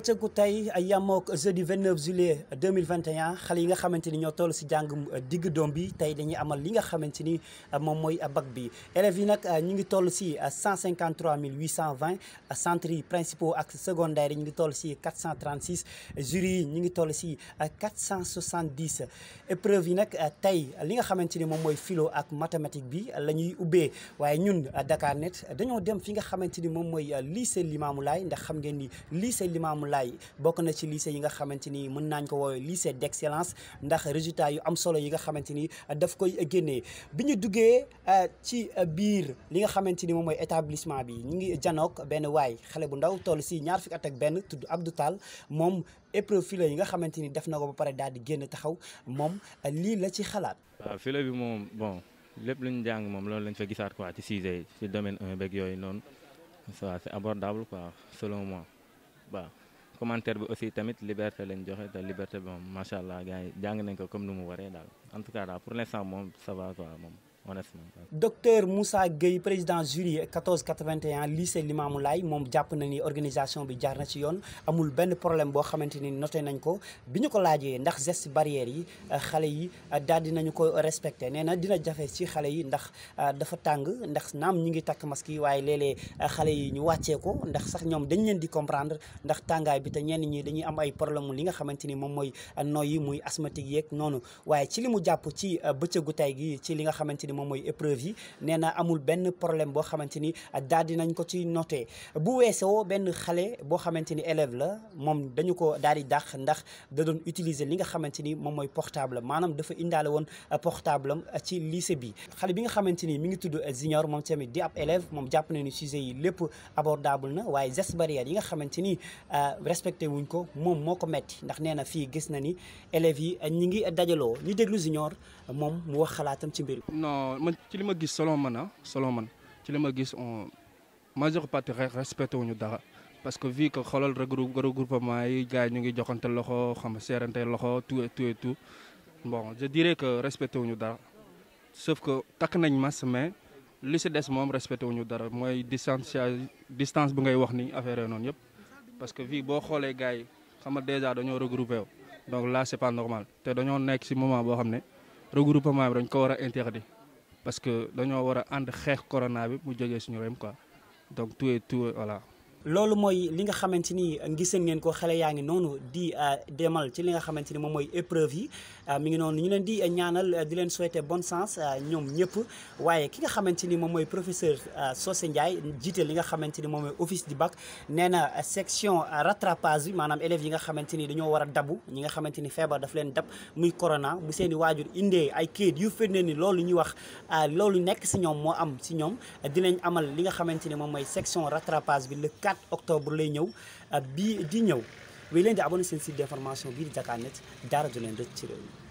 bëccëgu tey yamook jeudi 29 juillet 2021 xale yi nga xamante ni ñoo toll si jàngum euh, digg doom bi tey dañuy amal li nga xamante ni euh, moom mooy bac bi élèves yi nag euh, ñu ngi toll si 153 820 centres yi principaux ak secondaires yi ñu ngi toll si 436 jury yi ñu ngi toll si 470 épreuves yi nag tey li nga xamante ni moom mooy filo ak mathématique bi la ñuy ubbee waaye ñun dakaar Net dañoo dem fi nga xamante ni moom mooy lycée Limamou Laye ndax xam ngeen ni lycée Limamou Laye bokk na ci lycée yi nga xamante ni mën nañ ko lii see d'excellence ndax résultat yu am solo yi nga xamante ni daf koy génnee bi ñu duggee euh, ci biir li nga xamante ni moom mooy établissement bi ñu ngi janook benn waay xale bu ndaw toll si ñaar fukki at benn tudd Abdou moom épreuve yi nga xamante ni def na ko ba pare daal di génn taxaw moom euh, lii la ci xalaat. file filo bi moom bon lépp lu jàng moom loolu lañ fa gisaat quoi ci sujet si domaine 1 beeg yooyu noonu ça c'est abordable quoi selon moi commentaire bi aussi tamit liberté lañ joxe te liberté bi moom macha allah gars yi jàng ko comme nu mu waree daal en tout cas daal pour moom ça va quoi moom. honnêtement. docteur Moussa Gueye président jury 1481 lycée Limamou Laye moom jàpp na ni organisation bi jaar na ci yoon amul benn problème boo xamante ni noté nañ ko bi ñu ko laajee ndax geste barrière yi euh, xale yi euh, daal di ñu ko respecté nee na dina jafe ci xale yi ndax euh, dafa tàng ndax naam ñi ngi takk masque yi waaye léeg xale yi ñu wàccee ko ndax sax ñoom dañ leen di comprendre ndax tàngaay bi te ñenn ñi dañuy am ay problème li nga xamante ni moom mooy noyyi muy asthmatique mu jàpp ci bëccëgu tey ni moom mooy épreuve yi nee na amul benn problème boo xamante ni daal di nañ ko ci noté bu weesoo benn xale boo xamante ni élève la moom dañu ko daal di dàq ndax da doon utiliser li nga xamante ni moom mooy portable maanaam dafa indaale woon euh, portable am euh, ci lycée bi xale bi nga xamante ni mi ngi tudd euh, junior moom tamit di ab élève moom jàpp na ni sujet yi lépp abordable na waaye gestes barrières yi nga xamante ni respecté wuñ ko moom moo ko metti ndax nee na fii gis na ni élèves yi ñi ngi dajaloo ñu déglu junior moom wax xalaatam ci mbir man ci li ma gis selon man ah selon man ci li ma gis on majeure partie respecté wuñu dara parce que vu que xoolal regroupement yi gars yi ñu ngi joxante loxo xam seerante loxo tout et tout et tout bon je dirais que respecté wuñu dara sauf que takk nañ mas mais li si des moom respecté wuñu dara mooy distance distance bu ngay wax ni affaire noonu yëpp parce que vu boo xoolee gars yi xam nga déjà dañoo regroupé wu donc la c'est pas normal te dañoo nekk si moment boo xam ne regroupement bi ko war parce que dañoo war a ànd xeex corona bi mu jógee suñu réew quoi donc tout est tout voilà. loolu mooy li nga xamante ni euh, giseen ngeen ko xale yaa ngi noonu di euh, demal ci li nga xamante ni moom mooy épreuve yi euh, mi ngi noonu ñu leen di ñaanal di leen souhaiter bon chance ñoom ñëpp waaye ki nga xamante ni moom mooy professeur Socé Ndiaye jiite li nga xamante ni moom mooy office di bac neena na section rattrapage bi maanaam élèves yi nga xamante ni dañoo war a dabu ñi nga xamante ni feebar daf leen dab muy corona bu seen i waajur indee ay kayit yu firnde ni loolu ñuy wax loolu nekk si ñoom moo am si ñoom dinañ amal li nga xamante ni moom mooy section rattrapage 4 octobre lay ñëw euh, bii di ñëw wéy leen di abonné seen site d'information bii di Dakar Net dara du leen rëcc ci réew mi